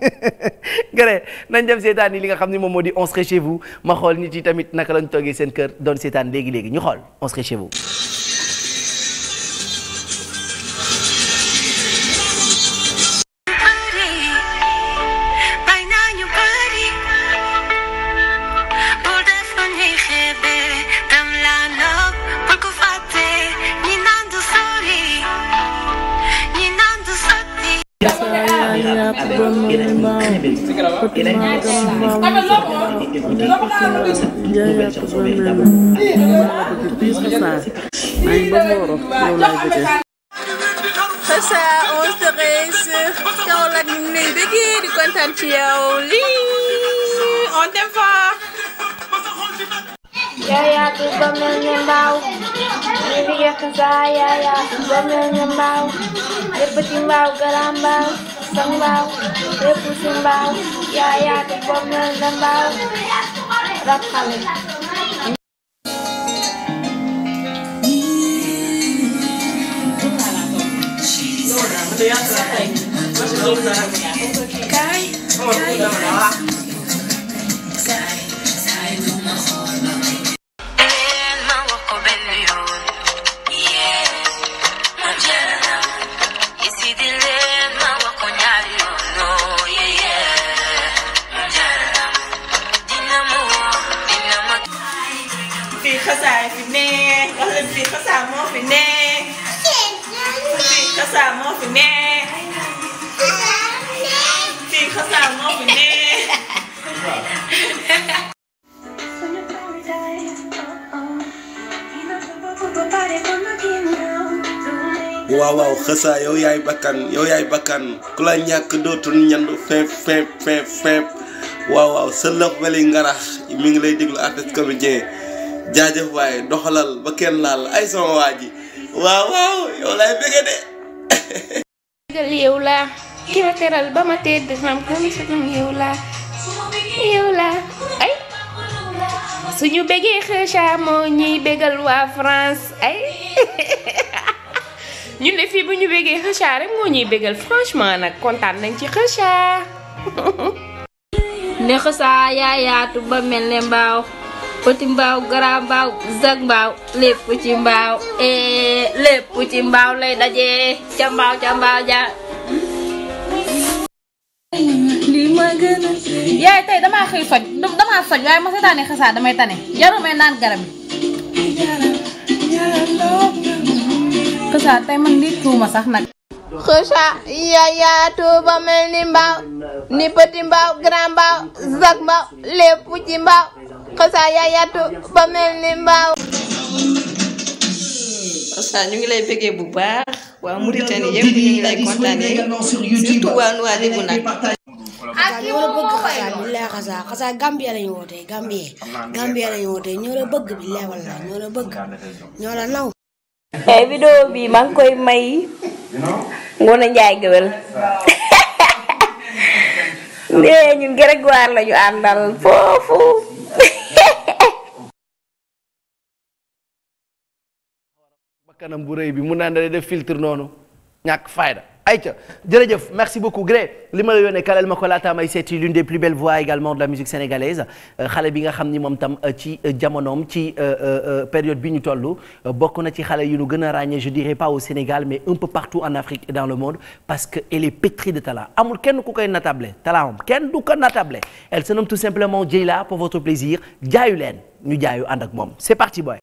gërëm nañ dem seetaan yi li nga xam ne moom moo di on serait ma xool nit yi tamit naka lañ toogee seen kër doon seetaan léegi léegi ñu xool on serait chez avec Irène Khanibel Irène ça on se réjouit Kaolack ñu ngi lay déggee di kontaan ci yow lii on t'aime fort Yaya tu ba mel ne mbaaw ñu ngi yàq saa yaya tu ba mel ne mbaaw lépp ci mbaaw garam mbaaw sống bao bếp phu sinh bao ya ya thì bom lên lên bao rất thành Cái, cái, cái. fi nekk wala waaw waaw xësaa yow yaay bakkan yow yaay bakkan ku la ñàkk dootul ñandu feeb feeb feeb feeb waaw waaw sa lëx weli ngarax mi ngi lay déglu artiste comédien jaajëf waaye doxalal ba kenn laal ay sama waa ji waaw waaw yow laay bëgg de. yow ki ma teral ba ma tedd maam kam sunum yow laa yow laa bëggee xëca moo ñuy bëggal waa France ay ñun de bu ñu bëggee xëca rek moo ñuy bëggal franchement nag kontaan nañ ci xëca ne yaayaatu ba mel ne mbaaw petit mbaaw grand mbaaw zag mbaaw lépp ci mbaaw ee lay dajee ca mbaaw ca a yaay tey damaa xëy faj damaa faj waaye ma seetaane xasaa damay tane yarumee naan garab yi tey man lii tuuma sax nag xësa yaya tuuba mel ni mbaaw ni petit grand mbaaw zag mbaaw lépp ci Xasa yaa ba mel ni mbaaw. Xasa ñu ngi lay bëggee bu baax waa Mauritanie yëpp ñu ngi lay kontaanee surtout waa Nouadhibou nag. ak ki woo xasaa lay bëgg bi walla ñoo la bëgg ñoo la naw. Eh, vidéo bi maa koy may Ngoné Njaay Géwél eh, ñun Grégoire lañu àndal foofu. bakkanam bu rëy bi mun naa ne def filtre noonu ñàkk fayda ayca jërëjëf merci beaucoup Gré li ma la yónnee kalal ma ko laataa may seeti l'une des plus belles voix également de la musique sénégalaise xale bi nga xam ni moom tam euh, ci euh, jamonoom ci euh, période bi ñu toll bokk na ci xale yi nu gën a ràññee je dirais pas au Sénégal mais un peu partout en Afrique et dans le monde parce que elle est pétrie de talent amul kenn ku koy natable talent am kenn du ko natable elle se nomme tout simplement Dieyla pour votre plaisir jaayu ñu jaayu ànd ak